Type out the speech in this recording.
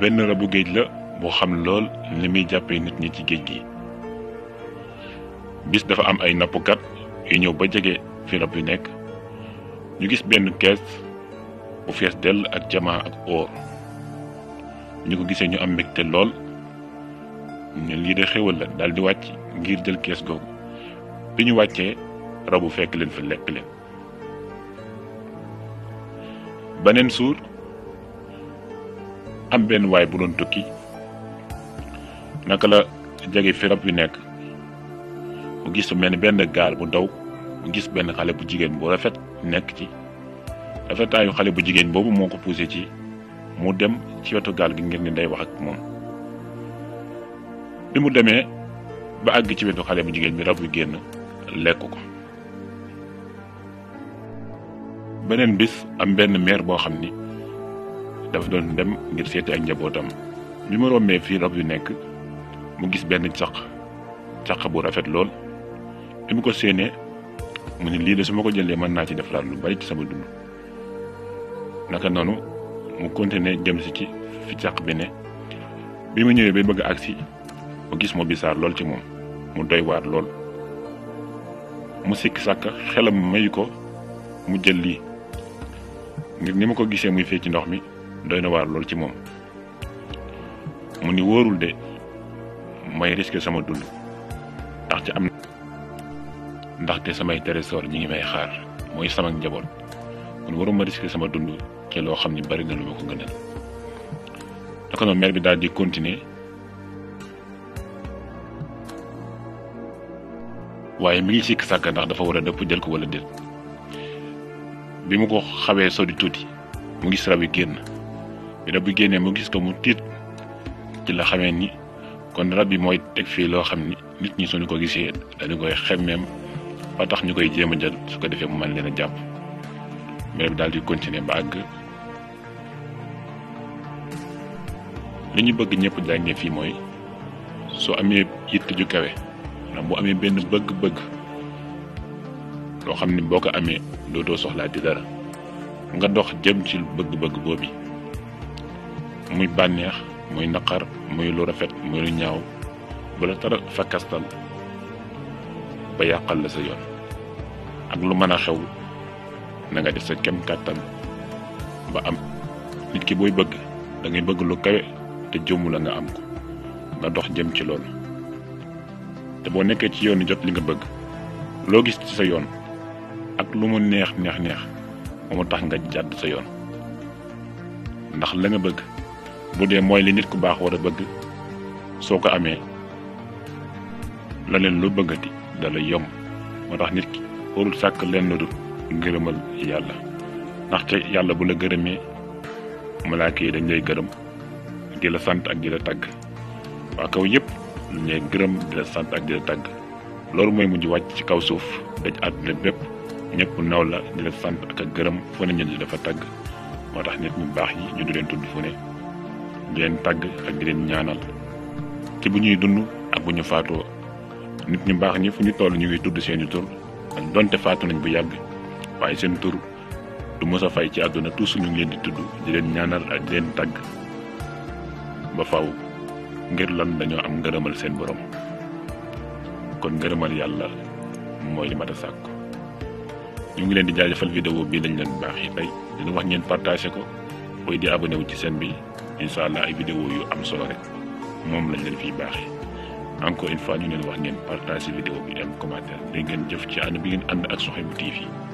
benn rabu géej la boo xam lool li muy jàppee nit ñi ci géej gi bis dafa am ay nappkat yu ñëw ba jege fi rab yu nekk ñu gis benn kees bu fees dell ak jamaa ak oor ñu ko gisee ñu am mbégte lool ñu lii de xéwal la daal di wàcc ngir jël kees googu bi ñu wàccee rabu fekk leen fi lekk leen am benn waay bu doon tukki naka la jege fi rab yu nekk mu gis mel ni benn gaal bu ndaw mu gis benn xale bu jigéen bu rafet nekk ci rafetaayu xale bu jigéen boobu moo ko poussé ci mu dem ci wetu gaal gi ngir ni day wax ak moom bi mu demee ba àgg ci wetu xale bu jigéen bi rab yu génn lekk ko beneen bis am benn meer boo xam ni dafa doon dem ngir seeti ak njabootam bi ma rombee fii rab yu nekk mu gis benn caq caq bu rafet lool bi mu ko séenee mu ne lii de su ma ko jëlee mën naa ci defaraat lu bari ci sama dund naka noonu mu continuer jëm si ci fi caq bi ne bi mu ñëwee bay bëgg agsi mu gis mu bisaar lool ci moom mu doy waar lool mu sikk sàkk xelam mayu ko mu jël lii ngir ni ma ko gisee muy fee ci ndox mi doy na waar lool ci moom mu ni wóorul de may risqué sama dund ndax ci am ndaxte samay trésor ñi ngi may xaar mooy sama njaboot kon waruma risqué sama dund ci loo xam ni bari na lu ma ko gënal naka noonu maire bi daal di continuer waaye mi ngi sikk sàkk ndax dafa war a dëpp jël ko wala déet bi mu ko xawee sodi tuuti mu gis rab yi génn bi rab génnee mu gis ko mu tiit ci la xame ni kon rab yi mooy teg fii loo xam ni nit ñi suñu ko gisee dañu koy xemmeem ba tax ñu koy jéem a jël su ko defee mu mën leen jàpp mbir bi daal di continuer ba àgg li ñu bëgg ñépp jàngee fii mooy soo amee yitt ju kawe maanaam bu amee benn bëgg-bëgg loo xam ni boo ko amee dootoo soxlaa di dara nga dox jëm ci bëgg-bëgg boobu. muy bànneex muy naqar muy lu rafet muy lu ñaaw bu la tara fakkastal ba yàqal la sa yoon ak lu mën a xew na nga def sa kem kàttan ba am nit ki booy bëgg dangay bëgg lu kawe te jëmu la nga am ko nga dox jëm ci loolu te boo nekkee ci yoon jot li nga bëgg loo gis ci sa yoon ak lu mu neex neex neex moo tax nga jàdd sa yoon ndax la nga bëgg bu dee mooy li nit ku baax war a bëgg soo ko amee la leen lu bëggati dala yomb moo tax nit ki warul sàkk lenn du ngërëmal yàlla ndaxte yàlla bu la gërëmee malaaka yi dañ lay gërëm di la sant ak di la tàgg waa kaw yëpp dañ lay gërëm di la sant ak di la tàgg loolu mooy mujj wàcc ci kaw suuf daj àdduna bépp ñëpp naw la di la sant ak a gërëm fu ne ñu di dafa tàgg moo tax nit ñu baax yi ñu du leen tudd fu ne di leen tàgg ak di leen ñaanal te bu ñuy dund ak bu ñu faatoo nit ñu baax ñi fu ñu toll ñu ngi tudd seeni tur ak donte faatu nañ bu yàgg waaye seen tur du mos a fay ci àdduna tous ñu ngi leen di tudd di leen ñaanal ak di leen tàgg ba faw ngir lan dañoo am ngërëmal seen borom kon ngërëmal yàlla mooy li mat a sàkku ñu ngi leen di jaajëfal vidéo bii lañ leen baax yi tey dina wax ngeen partagé ko booy di abonné wu ci seen bi insha allah ay vidéo yu am solo rek moom lañ leen fiy baax encore une fois ñu leen wax ngeen partage vidéo bi am commentaire da ngeen jëf ci ànd bi ngeen ànd ak Souhaibou TV